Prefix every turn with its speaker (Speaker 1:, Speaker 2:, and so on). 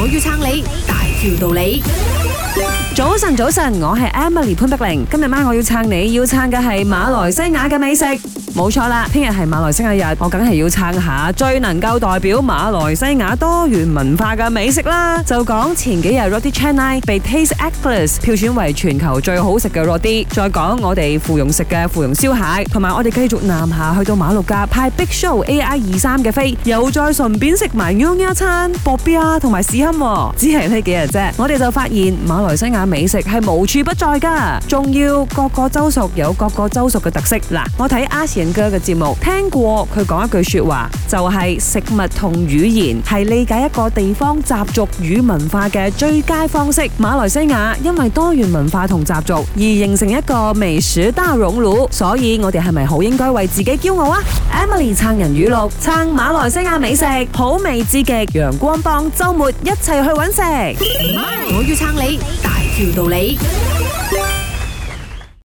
Speaker 1: 我要撐你，大條道理。早晨。早晨，我係 Emily 潘碧玲。今日晚我要撐你，要撐嘅係馬來西亞嘅美食，冇錯啦。聽日係馬來西亞日，我梗係要撐下最能夠代表馬來西亞多元文化嘅美食啦。就講前幾日 Roti Chennai 被 Taste Atlas 票選為全球最好食嘅 Roti，再講我哋芙蓉食嘅芙蓉燒蟹，同埋我哋繼續南下去到馬六甲，派 Big Show AI 二三嘅飛，又再順便食埋 one 一餐薄餅啊，同埋屎坑。只係呢幾日啫，我哋就發現馬來西亞美食。係無處不在噶，仲要各個州屬有各個州屬嘅特色。嗱，我睇阿賢哥嘅節目聽過佢講一句說話，就係、是、食物同語言係理解一個地方習俗與文化嘅最佳方式。馬來西亞因為多元文化同習俗而形成一個微鼠大熔爐，所以我哋係咪好應該為自己驕傲啊？Emily 撐人語錄，撐馬來西亞美食，好味至極。陽光幫週末一齊去搵食，Hi，我要撐你。有道理。